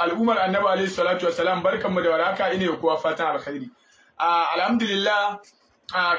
al'ummar annabi alaihi salatu barkan mu da waraka ina kuwa fatan alkhairi alhamdulillah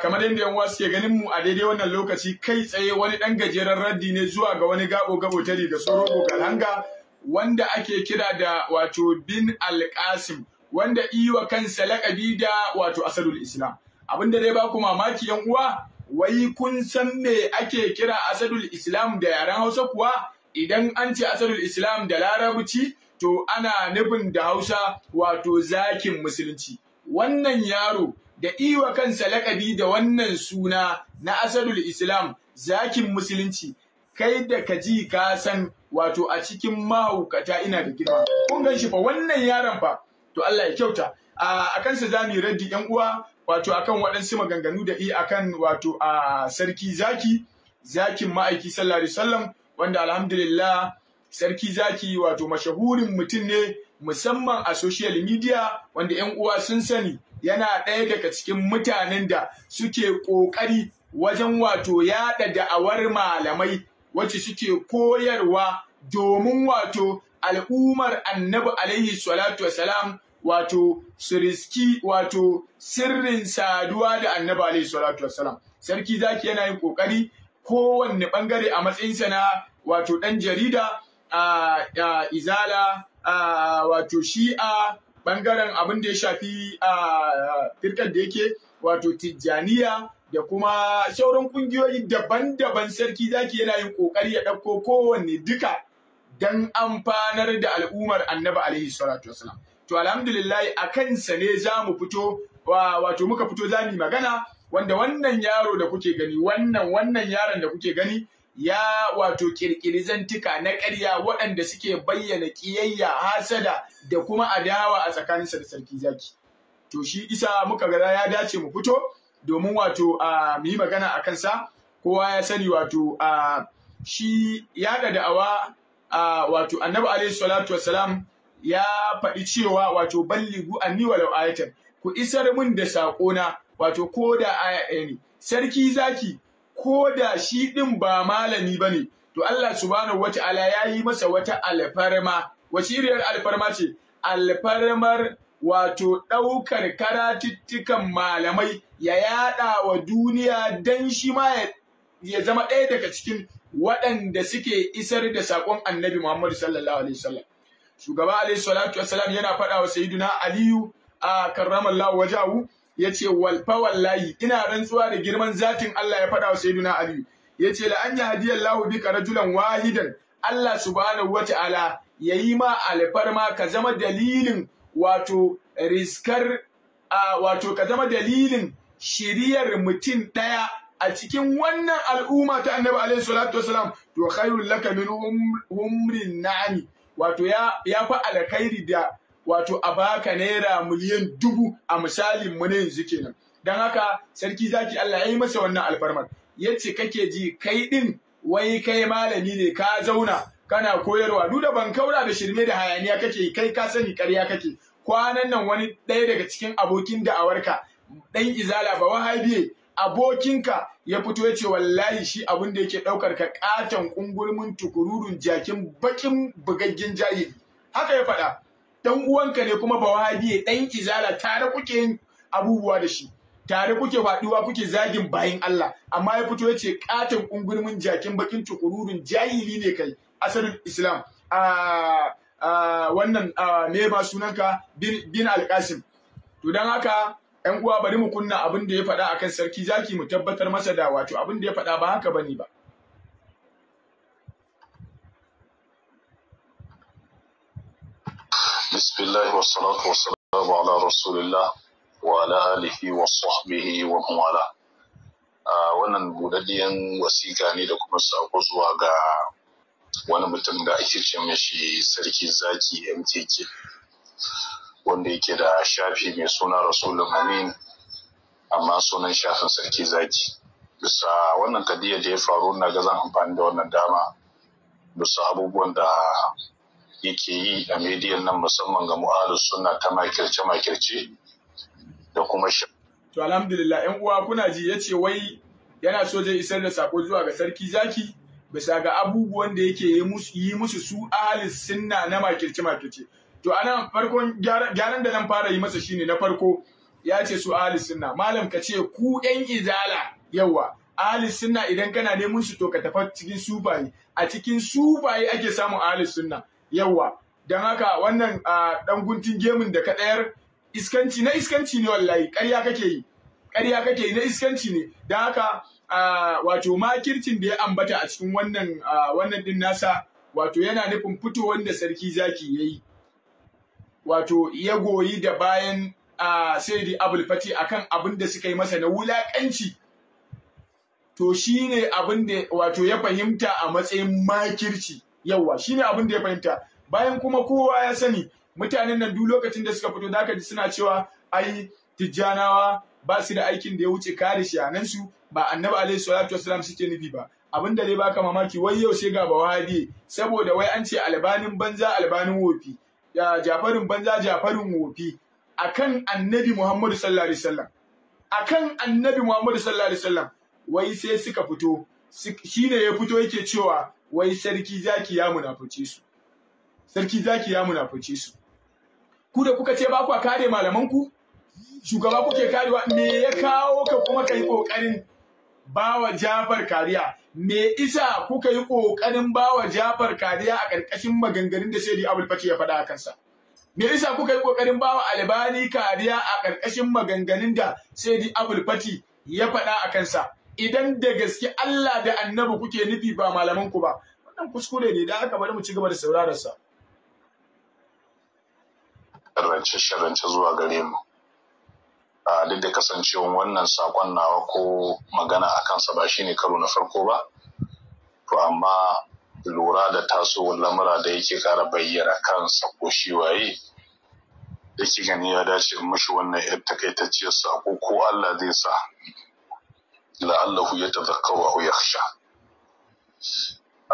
kamar yadda yan wasu ke ganin mu a daidai wannan lokaci kai tsaye wani dan gajeren raddi ne zuwa ga wani gabo gabo ta riga sorogo galanga wanda ake kira da wato bin alkasim wanda iwa kansa laqabi da wato asalul islam abinda da dai ba ku mamaki yan uwa wai kun san me ake kira asalul islam da yaren hausa kuwa idan an ce asalul islam da Larabuci. to ana nufin da Hausa wato zakin musulunci wannan yaro da iwa kansa laƙabi da wannan suna na asalul Islam zakin musulunci kai da kaji ka san wato a cikin mahaukata ina da girma kun gan shi fa wannan yaron fa to Allah ya kyauta a kansa za mu raddi yan uwa wato akan waɗansu maganganu da i akan wato a sarki zaki zakin ma'aiki sallallahu alaihi wanda alhamdulillah sarki zaki wato mashahurin mutum ne musamman a social media wanda 'yan uwa sun sani yana ɗaya daga cikin mutanen da suke ƙoƙari wajen wato yaɗa da'awar malamai wacce suke koyarwa domin wato al'ummar annabi alaihi salatu wasalam wato su riski wato sirrin saduwa da annabi alaihi salatu wasalam sarki zaki yana yin ƙoƙari kowanne ɓangare a matsayinsa na wato ɗan jarida izala wato shi'a bangaren abin da ya shafi firkar da yake wato tijjaniya da kuma sauran kungiyoyi daban-daban sarki zaki yana yin kokari ya ɗauko kowanne duka don amfanar da al'ummar annabi alaihi salatu wasalam to alhamdulillah a kansa ne za mu fito wato muka fito za mu magana wanda wannan yaro da kuke gani wannan wannan yaron da kuke gani ya wato kirkiri zantuka na ƙarya waɗanda suke bayyana ƙiyayya hasada da kuma adawa a tsakaninsa da sarki zaki to shi isa muka ga ya dace mu fito domin wato a mu yi magana a kansa kowa ya sani wato a shi da da'awa wato annabi alaihi salatu wassalam ya faɗi cewa wato balligu anni walau ayatan ku isar mun da saƙona wato ko da aya ne sarki zaki ko da shi ɗin ba malami ba ne, to Allah subhanahu wa ta'ala ya yi masa wata alfarma, wasiriyar alfarma ce, alfarmar wato ɗaukar karatuttukan malamai ya yaɗa wa duniya don shi ma ya zama ɗaya daga cikin waɗanda suke isar da saƙon annabi Muhammadu sallallahu alaihi wasallam. Shugaba alaihi salatu wasallam yana faɗa wa Sayyidina Aliyu a ah, lawa wajahu ya ce walfa wallahi ina rantsuwa da girman zatin Allah ya faɗa wa sayyiduna Ali ya ce la an yahdiya bika rajulan wahidan Allah subhanahu wata'ala yi ma alfarma ka zama dalilin wato riskar wato ka zama dalilin shiriyar mutum ɗaya a cikin wannan al'umma ta annabi alaihi salatu wasalam to khairul laka min um-, umrin na'ami wato ya ya fa alkhairi da wato a baka naira miliyan dubu a misalin mu na yanzu kenan don haka sarki zaki Allah ya yi masa wannan alfarmar yace kake ji kai din wai kai malami ne ka zauna kana koyarwa duk da ban kaura da shirme da hayaniya kake kai ka sani ƙarya kake kwanan nan wani ɗaya daga cikin abokin da'awarka ɗan izala ba wahabiye abokinka ya fito ya ce wallahi shi abin da yake ɗaukar ka ƙaton ƙungurmin tukururun jakin bakin bugaggen jayi haka ya faɗa dan uwanka ne kuma ya dan izala tare kuke yin abubuwa da shi tare kuke faduwa kuke zagin bayin Allah amma ya fito yace katin kungurmin jakin bakin tukururun jahili ne kai asalin Islam a wannan me ma sunanka bin alqasim to dan haka yan uwa bari mu kunna abin da ya faɗa akan sarki zaki mu tabbatar masa da wato abin da ya faɗa ba haka bane ba بسم الله والصلاة والسلام على رسول الله وعلى آله وصحبه ومن والاه wannan budaddiyan wasiƙa ne da kuma sako zuwa ga wani mutum da ake ce mashi sarki zaki mkk wanda yake da shafi mai suna rasulun amin amma sunan shafin sarki zaki bisa wannan kadiyar da ya faru na ga zan amfani da wannan dama bisa abubuwan da yake yi a mediyan nan musamman ga mu'adu suna ta makirce-makirce da kuma shi. To alhamdulillah ‘yan uwa kuna ji ya ce wai yana so isar da sako zuwa ga sarki zaki bisa ga abubuwan da yake yi musu su ahalis sunna na makirce-makirce. To ana farkon gyaran da nan fara yi masa shine na farko ya ce su ahalis sunna malam ka ce ku ‘yan izala yawa ahalis sunna idan kana neman su to ka tafa cikin sufaye a cikin sufaye ake samun ahalis sunna yawa don haka wannan dan guntun gemun da ka ɗayar iskanci na iskanci ne wallahi ƙarya kake yi ƙarya kake yi na iskanci ne don haka wato makircin da ya ambata a cikin wannan wannan din nasa wato yana nufin fito wanda sarki zaki ya yi wato ya goyi da bayan saidi abul fati akan abin da suka yi masa na wulaƙanci to shine abin da wato ya fahimta a matsayin makirci yawwa shine abin da ya fahimta bayan kuma kowa ya sani mutanen nan duk lokacin da suka fito zaka ji suna cewa ai tijjanawa ba su da aikin da ya wuce kare shi shayanan su ba annabi alaihi salatu wasalam suke nufi ba abin da dai baka mamaki wai yau sai ga bawahabi saboda wai an ce albanin banza albanin wofi ya jafarin banza jafarin wofi akan annabi muhammadu sallallahu alaihi wasallam akan annabi muhammadu sallallahu alaihi wasallam wai sai suka fito shi ne ya fito yake cewa wai sarki zaki ya munafuce su sarki zaki ya munafuce su ku da kuka ce ba ku kare malaman ku shugaba kuke karewa me ya kawo ka kuma kai kokarin bawa Jafar kariya me isa kuka yi kokarin bawa Jafar kariya a karkashin maganganun da Sayyidi Abdul Fati ya faɗa a kansa me isa kuka yi kokarin bawa Albani kariya a karkashin maganganun da Sayyidi Abdul Fati ya faɗa a kansa idan da gaske Allah da annabi kuke nufi ba malaman ku ba wannan kuskure ne da aka bari mu ci gaba da sauraron sa rance shirance zuwa gare mu a duk da kasancewan wannan sakon nawa ko magana a kansa ba shine karo na farko ba to amma lura da tasowar lamura da yake kara bayyana kansa ko shi waye da gani ya dace mashi wannan yar takaitacciyar sako ko Allah zai sa la'allahu ya tazakkaru aw yakhsha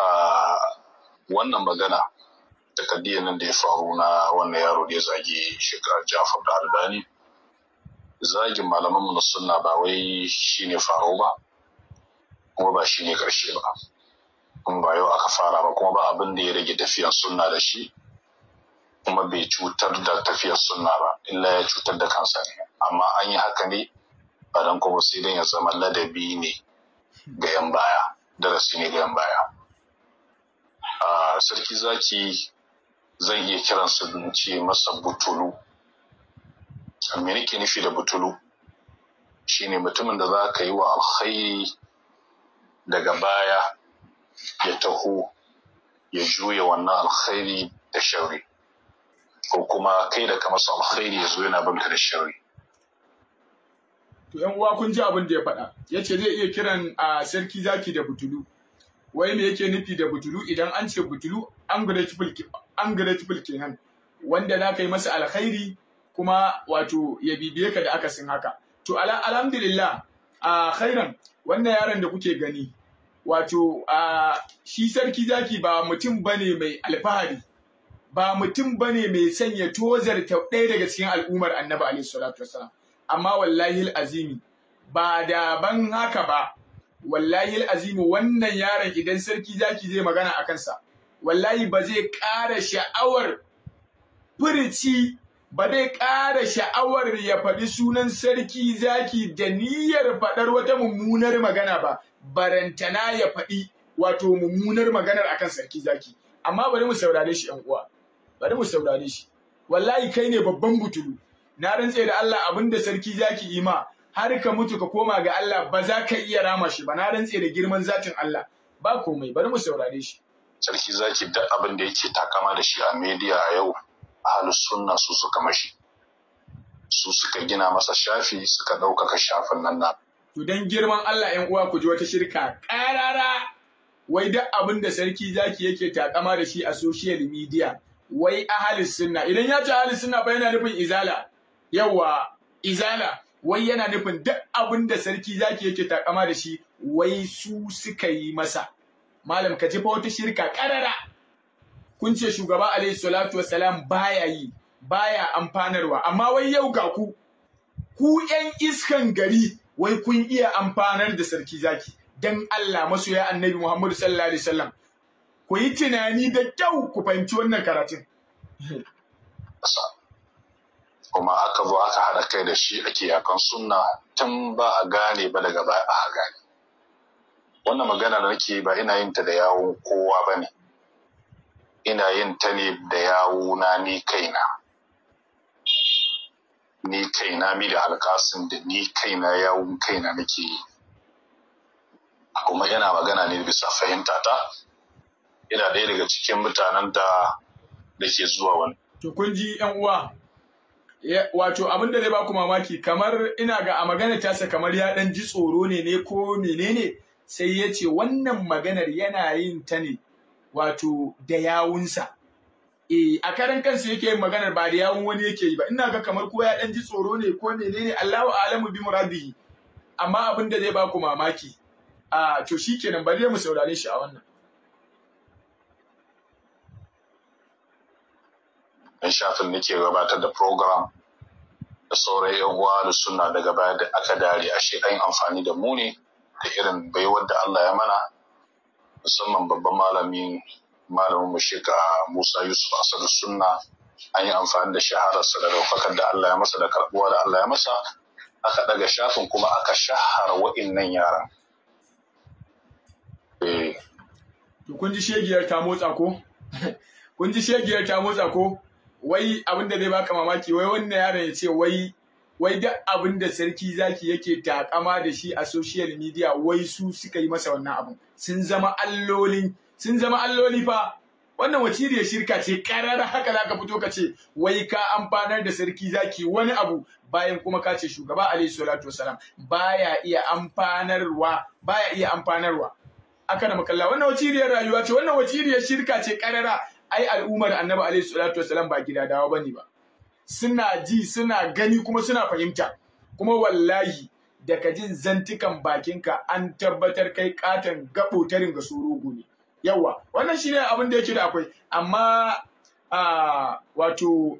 ah, wannan magana takaddiyar nan da ya faru na wannan yaro da ya zagi shekara Jafar da Albani zagin malaman mu na sunna ba wai shine faro ba kuma ba shine karshe ba kuma ba yau aka fara ba kuma ba abin da ya rage tafiyar sunna da shi kuma bai cutar da tafiyar sunna ba illa ya cutar da kansa ne amma an yi haka ne ba kuma sai dan ya zama ladabi ne ga yan baya darasi ne ga yan baya a sarki zaki zan iya kiran su ce masa butulu me nake nufi da butulu shine mutumin da za ka yi wa alkhairi daga baya ya taho ya juya wannan alkhairi da shauri ko kuma kai da kamar masa alkhairi ya zo yana banka da shauri to yan uwa kun ji abin da ya faɗa ya ce zai iya kiran a sarki zaki da butulu wai me yake nufi da butulu idan an ce butulu ungrateful kenan wanda za ka yi masa alkhairi kuma wato ya bibiye ka da aka akasin haka to alhamdulillah a khairan wannan yaron da kuke gani wato shi sarki zaki ba mutum bane mai alfahari ba mutum bane mai sanya tozar ta ɗaya daga cikin al'ummar annabi alaihi salatu wasalam amma wallahi azimi ba da ban haka ba wallahi azimi wannan yaron idan sarki zaki zai magana a kansa wallahi ba zai ƙara sha'awar furici ba zai ƙara sha'awar ya faɗi sunan sarki zaki da niyyar faɗar wata mummunar magana ba barantana ya faɗi wato mummunar maganar akan sarki zaki amma bari mu saurare shi yan uwa bari mu saurare shi wallahi kai ne babban butulu na rantse da Allah abinda sarki zaki yi ma har ka mutu ka koma ga Allah ba za ka iya rama shi ba na rantse da girman zatin Allah ba komai bari mu saurare shi sarki zaki da abin da yake takama da shi a media a yau ahlu sunna su suka mashi su suka gina masa shafi suka ɗaukaka shafin nan na to dan girman Allah 'yan uwa ku ji wata shirka ƙarara wai duk abin da sarki zaki yake takama da shi a social media wai ahalis sunna idan ya ce ahalis sunna ba yana nufin izala yawa izala wai yana nufin duk abin da sarki zaki yake takama da shi wai su suka yi masa malam ka ji fa wata shirka karara kun ce shugaba alayhi salatu wassalam baya yi baya amfanarwa amma wai yau ga ku ku yan iskan gari wai kun iya amfanar da sarki zaki dan Allah masoya annabi muhammad sallallahu alaihi wasallam ku yi tunani da kyau ku fahimci wannan karatun kuma aka zo aka hada kai da shi ake yakan sunna tun ba a gane ba daga baya a gane wannan magana da nake ba ina yin ta da yawon kowa ba ne ina yin ta ne da yawuna ni kaina ni kaina mi da alkasin da ni kaina yawun kaina nake yi kuma yana magana ne bisa fahimta ta ina ɗaya daga cikin mutanen da da ke zuwa wani. To kun ji 'yan uwa wato abin da zai baku mamaki kamar ina ga a magana tasa kamar ya dan ji tsoro ne ne ko menene sai ya ce wannan maganar yana yin ta ne wato da yawunsa e a karan kansa yake yin maganar ba da yawun wani yake yi ba ina ga kamar ko ya dan ji tsoro ne ko menene Allahu a'lamu bi muradihi amma abin da zai baku mamaki a to kenan bari mu saurare shi a wannan ɗan shafin ke gabatar da program da sauran yan uwa da suna daga baya da aka dare ashe an amfani da mu ne da irin baiwar da Allah ya mana musamman babban malamin malamin mu shiga ah, Musa Yusuf Asad Sunna an yi amfani da shahararsa da daukakar da Allah ya masa da karbuwa da Allah ya masa aka ɗaga shafin kuma aka shahara nan yaran eh. kun ji shegiyar ta motsa ko kun ji shegiyar ta motsa ko wai abin da zai baka mamaki wai wannan yaron ya ce wai wai duk abin da sarki zaki yake takama da shi a social media wai su suka yi masa wannan abin sun zama allolin sun zama alloli fa wannan waciriyar shirka ce karar haka zaka fito ka ce wai ka amfanar da sarki zaki wani abu bayan kuma ka ce shugaba alayhi salatu wasalam baya iya amfanarwa baya iya amfanarwa aka da makalla wannan waciriyar rayuwa ce wannan waciriyar shirka ce karara ai al'ummar annabi alaihi salatu wasalam ba gida dawa bane ba suna ji suna gani kuma suna fahimta kuma wallahi daga jin zantukan bakinka an tabbatar kai katon gabo ta ga surugu ne yawa wannan shine abin da yake da akwai amma a wato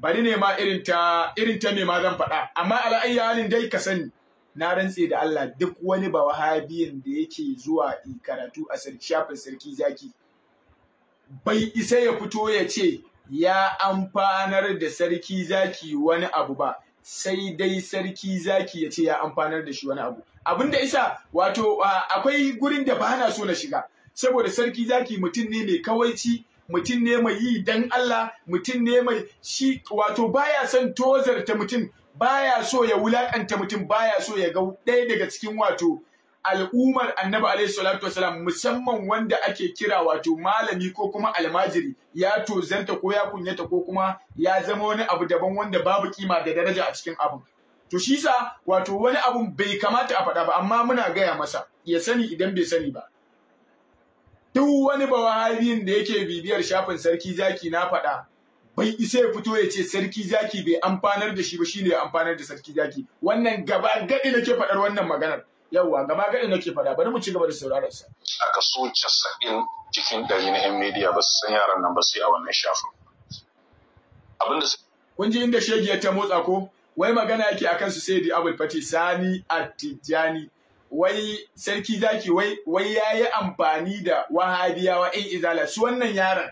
bari ne ma irin ta irin ta me ma zan faɗa amma al'ayya, halin dai ka sani na rantse da Allah duk wani ba wahabiyin da yake zuwa karatu a shafin sarki zaki bai isa ya fito ya ce ya amfanar da sarki zaki wani abu ba sai dai sarki zaki ya ce ya amfanar da shi wani abu abin da isa wato akwai gurin da ba na so na shiga saboda sarki zaki mutum ne mai kawaici mutum ne mai yi dan Allah mutum ne mai shi wato baya son tozarta mutum baya so ya wulakanta mutum baya so ya ga ɗaya daga cikin wato al'ummar annabi alaihi salatu wasalam musamman wanda ake kira wato malami ko kuma almajiri ya tozanta ko ya kunyata ko kuma ya zama wani abu daban wanda babu kima da daraja a cikin abin to shi sa wato wani abun bai kamata a faɗa ba amma muna gaya masa ya sani idan bai sani ba duk wani bawahabin da yake bibiyar shafin sarki zaki na faɗa bai isa ya fito ya ce sarki zaki bai amfanar da shi ba shine ya amfanar da sarki zaki wannan gaba gadi nake faɗar wannan maganar yawwa gaba gaɗin nake faɗa bari mu ci gaba da sauraron sa a kaso casa'in cikin ɗari na 'yan media ba su san yaran nan ba su yi a wannan shafin abin da kun ji inda shege ta motsa ko wai magana yake a kansu sai da abul fati sani Atijani? wai sarki zaki wai wai yayi amfani da wahabiyawa in izala su wannan yaron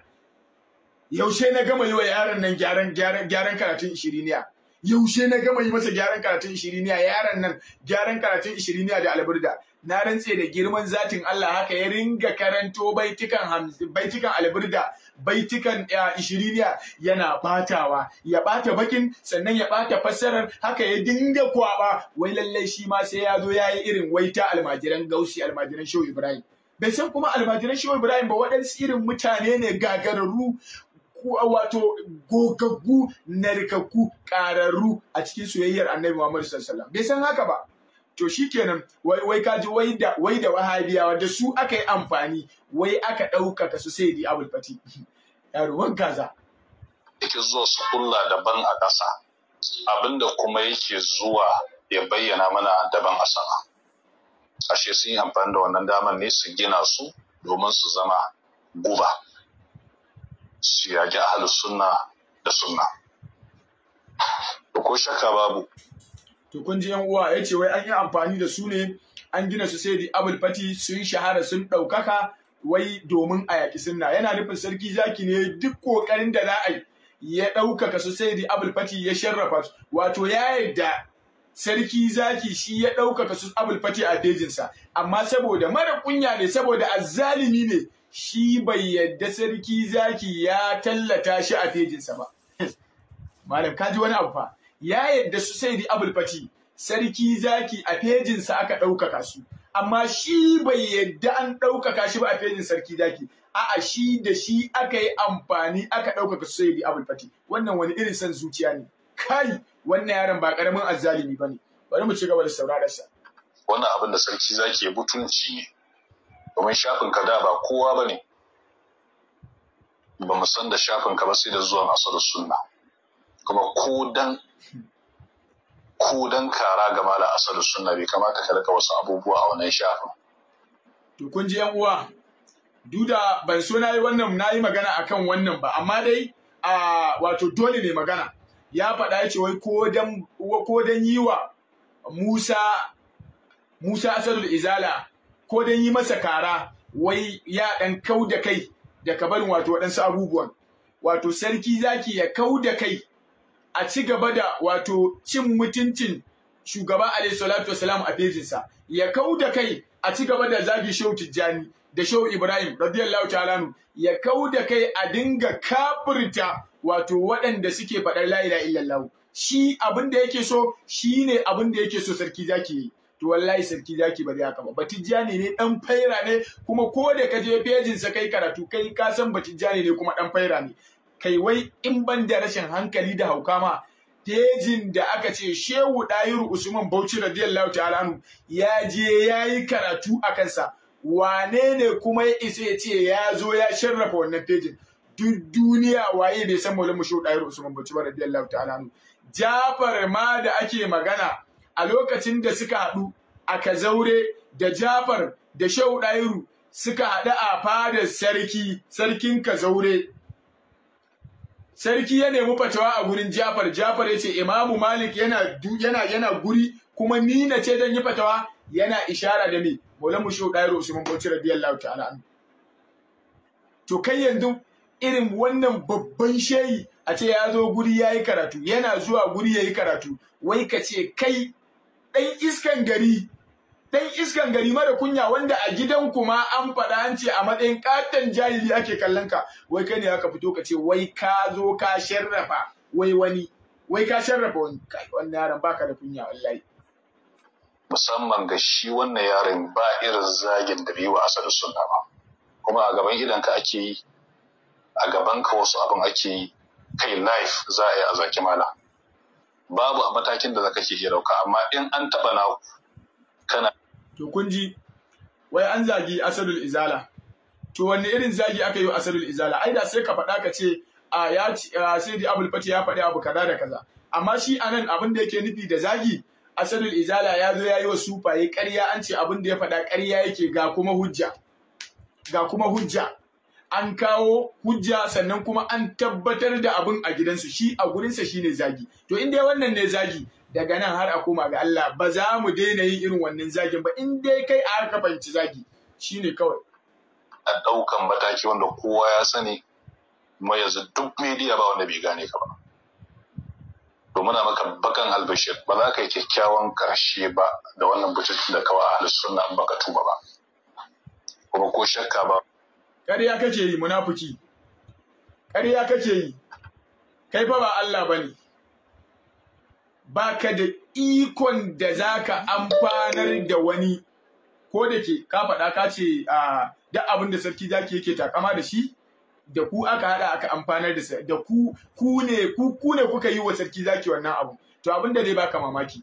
yaushe na gama yi wa yaron nan gyaran karatun ishiriniya yaushe na gama yi masa gyaran karatun ishiriniya yaran nan gyaran karatun ishiriniya da alburda na rantse da girman zatin Allah haka ya ringa karanto baitikan baitikan alburda baitikan ishiriniya yana batawa ya bata bakin sannan ya bata fassarar haka ya dinga kwaba wai lallai shi ma sai ya zo ya irin waita almajiran gausi almajiran shehu ibrahim bai san kuma almajiran shehu ibrahim ba waɗansu irin mutane ne gagararru wato gogaggu narkakku ƙararru a cikin soyayyar annabi Muhammadu sallallahu alaihi bai san haka ba to shikenan wai wai kaji wai da wai da wahabiyawa da su aka yi amfani wai aka ɗaukaka su sai di abul fati yaruwan kaza yake zuwa su kulla daban a ƙasa abinda kuma yake zuwa ya bayyana mana daban a sama ashe sun yi amfani da wannan damar ne su gina su domin su zama guba su yaƙi ahalus sunna da sunna to ko shakka babu to kun ji yan uwa ya ce wai an yi amfani da su ne an gina su sai di abul fati sun shahara sun ɗaukaka wai domin a yaƙi sunna yana nufin sarki zaki ne duk ƙoƙarin da za a yi ya ɗaukaka su sai di abul fati ya sharrafa su wato ya yadda sarki zaki shi ya ɗaukaka su abul fati a fejinsa amma saboda mara kunya ne saboda azzalimi ne shi bai yadda sarki zaki ya tallata shi a fejinsa ba malam kaji wani abu fa ya yadda su sai di abul fati sarki zaki a fejinsa aka ɗaukaka su amma shi bai yadda an ɗaukaka shi ba a fejin sarki zaki a'a shi da shi aka yi amfani aka ɗaukaka su sai di abul fati wannan wani irin son zuciya ne kai wannan yaron ba karamin azzalimi ne. bari mu ci gaba da saurararsa wannan abin da sarki zaki butunci ne domin shafin ka da ba kowa ba ne ba mu san da shafin ka ba sai da zuwan asar sunna kuma ko dan kara gama da asar sunna bai kamata ka rika wasu abubuwa a wannan shafin to kun ji yan uwa duda ban so yi wannan yi magana akan wannan ba amma dai a wato dole ne magana ya faɗa ya ce wai ko dan wa Musa Musa Asadul Izala ko don yi masa kara wai ya ɗan kau da kai daga barin wato waɗansu abubuwan wato sarki zaki ya kau da kai a ci gaba da wato cin mutuncin shugaba alaihi salatu wasalam a bejinsa ya kau da kai a ci gaba da zagi shehu tijjani da shehu ibrahim radiyallahu ta'ala ya kau da kai a dinga kafirta wato waɗanda suke faɗar la ilaha shi abin da yake so shine abin da yake so sarki zaki yi to wallahi sarki zaki ba zai haka ba batijjani ne dan faira ne kuma ko da ka je pejin sa kai karatu kai ka san batijjani ne kuma dan faira ne kai wai in ban da rashin hankali da hauka ma pejin da aka ce Shehu Dayiru Usman Bauchi radiyallahu ta'ala anhu ya je yayi karatu a kansa wane ne kuma ya isa ya ce ya zo ya sharrafa wannan pejin duk duniya waye bai san Maulana Shehu Dayiru Usman Bauchi radiyallahu ta'ala anhu Jafar ma da ake magana a lokacin da suka haɗu a Kazaure da Jafar da Shehu Ɗairu suka haɗu a fadar sarki, sarkin Kazaure. Sarki ya nemi fatawa a gurin Jafar, Jafar ya ce, Imamu Malik yana, yana, guri kuma ni na ce don yi fatawa yana ishara da ni Maulamu Shehu Ɗairu Usman Bauchi radiyallahu ta'ala To kai yanzu irin wannan babban shehi a ce ya zo guri ya yi karatu, yana zuwa guri ya yi karatu, wai ka ce kai ɗan iskan gari ɗan iskan gari mara kunya wanda a gidan kuma an faɗa an ce a matsayin ƙaton jahili ake kallon ka wai kai ne aka fito ka ce wai ka zo ka sharrafa wai wani wai ka sharrafa wani kai wannan yaron baka da kunya wallahi musamman ga shi wannan yaron ba irin zagin da bai a asalin sunna ba kuma a gaban ka ake yi a gaban ka wasu abin ake yi kai life za a yi a zaki malam babu a matakin da zaka ke iya dauka amma in an taba naku kana to kun ji wai an zagi asalul izala to wanne irin zagi aka yi asalul izala ai da sai ka faɗa ka ce a ya sai da abul fati ya faɗi abu kaza da kaza amma shi anan abin da yake nufi da zagi asalul izala ya zo ya yi wa sufaye ƙarya an ce abin da ya faɗa ƙarya yake ga kuma hujja ga kuma hujja an kawo hujja sannan kuma an tabbatar da abin a gidansu shi a gurinsa ne zagi to in dai wannan ne zagi daga nan har a koma ga Allah ba za mu daina yin irin wannan zagin ba in dai kai a harka fahimci zagi shi ne kawai a ɗaukan mataki wanda kowa ya sani kuma yanzu duk media ba wanda bai gane ka ba to muna maka bakan albashir ba za ka yi kyakkyawan karshe ba da wannan bututun da kawai a sunna ba ka tuba ba kuma ko shakka ba ƙarya kake yi munafuki, ƙarya kake yi kai fa ba Allah bane baka da ikon da zaka amfanar da wani ko da ke ka faɗa ka ce a duk abin da sarki zaki yake takama da shi da ku aka haɗa aka amfanar da da ku ne ku ne kuka yi wa sarki zaki wannan abu to abin da dai baka mamaki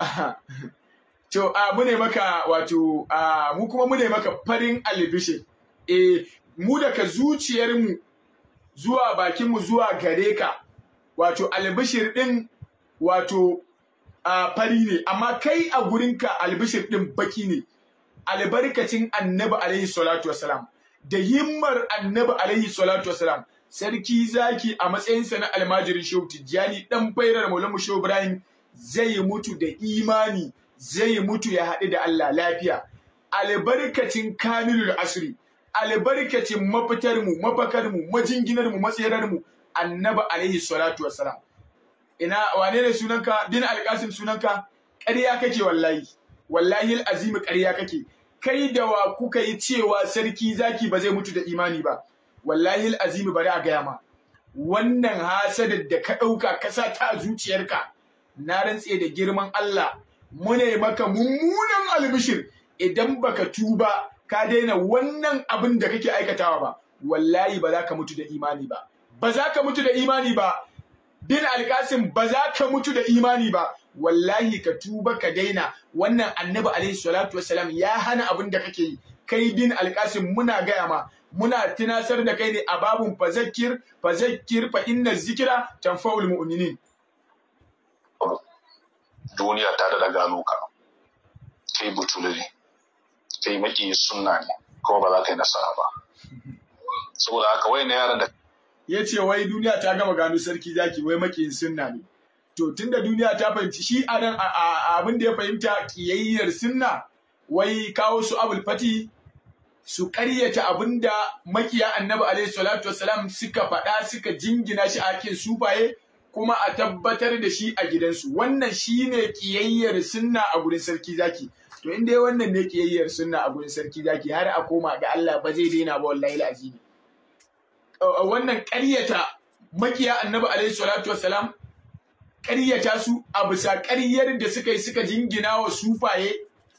To a mu ne maka wato a mu kuma mu ne maka farin alibishe. E mu daga zuciyarmu zuwa bakinmu zuwa gare ka wato albishir din wato a fari ne amma kai a gurinka albishir din baki ne albarkacin annabi alaihi salatu wasalam da himmar annabi alaihi salatu wasalam sarki zaki a matsayinsa na almajirin shehu tijjani dan fairar maulamu shehu ibrahim zai mutu da imani zai mutu ya haɗu da Allah lafiya albarkacin kamilul asri albarkacin mafitarmu mafakarmu majinginarmu matsirarmu annabi alaihi salatu wassalam ina wane ne sunanka din alƙasim sunanka ƙarya kake wallahi wallahi azimi ƙarya kake kai da wa kuka yi cewa sarki zaki ba zai mutu da imani ba wallahi azimi bari a gaya ma wannan hasadar da ka ɗauka ka sa ta a zuciyarka na rantse da girman Allah mune maka mummunan albishir idan baka tuba ka daina wannan abin da kake aikatawa ba wallahi ba za ka mutu da imani ba ba za ka mutu da imani ba bin alkasim ba za ka mutu da imani ba wallahi ka tuba ka daina wannan annabi alaihi salatu wassalam ya hana abin da kake yi kai bin alkasim muna gaya ma muna tunasar da kai ne a babun fazakir fazakir fa inna zikira tanfa'ul mu'minin duniya ta daɗa gano ka kai butulu ne kai maki sunna ne kuma ba za ka yi nasara ba saboda haka wai na yaran da ya ce wai duniya ta gama gano sarki zaki wai maki sunna ne to tunda duniya ta fahimci shi a nan abin da ya fahimta kiyayyar sunna wai kawo su abul fati su karyata abin da makiya annabi alaihi salatu wasalam suka faɗa suka jingina shi a cikin sufaye kuma a tabbatar da shi a gidansu wannan shi ne ƙiyayyar sunna a gurin sarki zaki to in dai wannan ne kiyayyar sunna a gurin sarki zaki har a koma ga Allah ba zai daina ba wallahi lazim wannan ƙaryata makiya annabi alaihi salatu wassalam ƙaryata su a bisa ƙaryar da suka yi suka jingina wa sufaye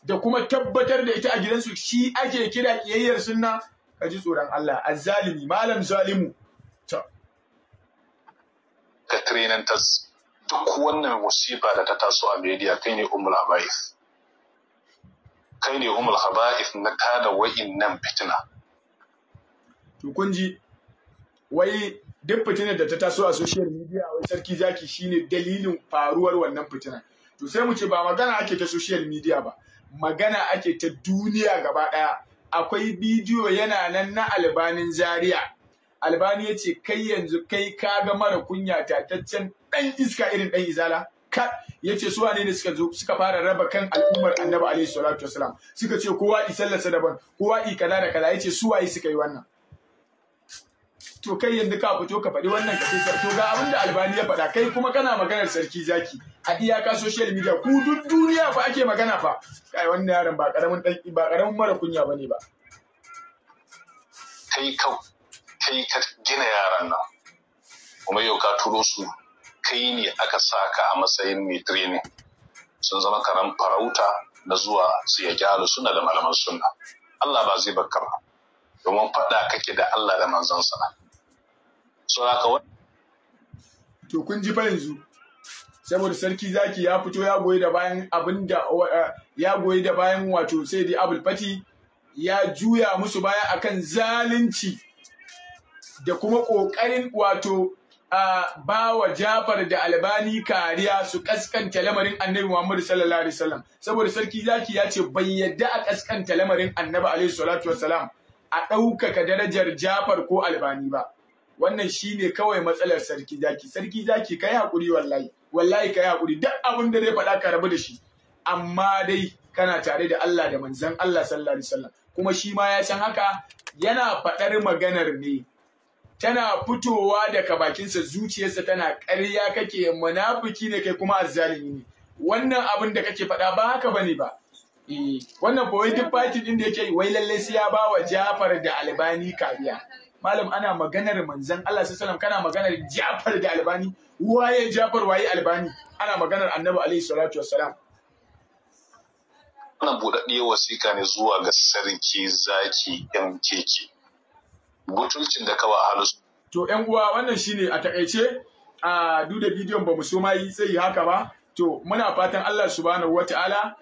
da kuma tabbatar da ita a gidansu shi ake kira ƙiyayyar sunna ka ji tsoron Allah azzalimi malam zalimu ka ta duk wannan musiba da ta taso a media kai ne umul haba'if kai ne umul haba'if na tada wa'in nan fitina to ji wai duk fitina da ta taso a social media wai sarki zaki shine dalilin faruwar wannan fitina to sai mu ce ba magana ake ta social media ba magana ake ta duniya gaba daya akwai bidiyo yana nan na albanin zaria albani ya ce kai yanzu kai ka ga mara kunya tataccen ɗan iska irin ɗan izala ka ya ce su wane ne suka zo suka fara raba kan al'ummar annabi alaihi salatu wasalam suka ce kowa i sallasa daban kowa i kaza da kaza ya ce su waye suka yi wannan to kai yanzu ka fito ka faɗi wannan ka ce to ga abin da albani ya faɗa kai kuma kana maganar sarki zaki a iyaka social media ku duk duniya fa ake magana fa kai wannan yaron ba karamin ba karamin mara kunya bane ba kai kawai yi ka gina yaran nan kuma yau ka turo su kai ne aka sa ka a matsayin mai training sun zama karan farauta na zuwa su ya gyara suna da malaman suna. Allah ba zai bakar ba domin faɗa kake da Allah da manzon sana so haka wani to kun ji fa yanzu saboda sarki zaki ya fito ya goyi da bayan abin da ya goyi da bayan wato sai dai abul fati ya juya musu baya akan zalunci da kuma ƙoƙarin wato ba wa Jafar da Albani kariya su kaskanta lamarin Annabi Muhammadu sallallahu alaihi wasallam saboda sarki zaki ya ce bai yadda a kaskanta lamarin Annabi alaihi salatu wasallam a ɗaukaka darajar Jafar ko Albani ba wannan shine kawai matsalar sarki zaki sarki zaki kai hakuri wallahi wallahi kai hakuri duk abin da zai faɗa ka rabu da shi amma dai kana tare da Allah da manzon Allah sallallahu alaihi wasallam kuma shi ma ya san haka yana faɗar maganar ne tana fitowa daga bakinsa zuciyarsa tana ƙarya kake munafiki ne kai kuma azzalimi ne wannan abin da kake faɗa ba haka bane ba eh, wannan boye duk ɗin din da yake wai lalle sai ya ba wa Jafar da Albani kariya malam ana maganar manzon Allah sallallahu kana maganar Jafar da Albani waye Jafar waye Albani ana maganar Annabi alaihi salatu wassalam wannan buɗaɗɗiyar wasiƙa ne zuwa ga sarki zaki yan keke butulcin da kawa ahlus to yan uwa wannan shine a takaice a duk da bidiyon ba mu so ma yi tsayi haka ba to muna fatan Allah subhanahu wataala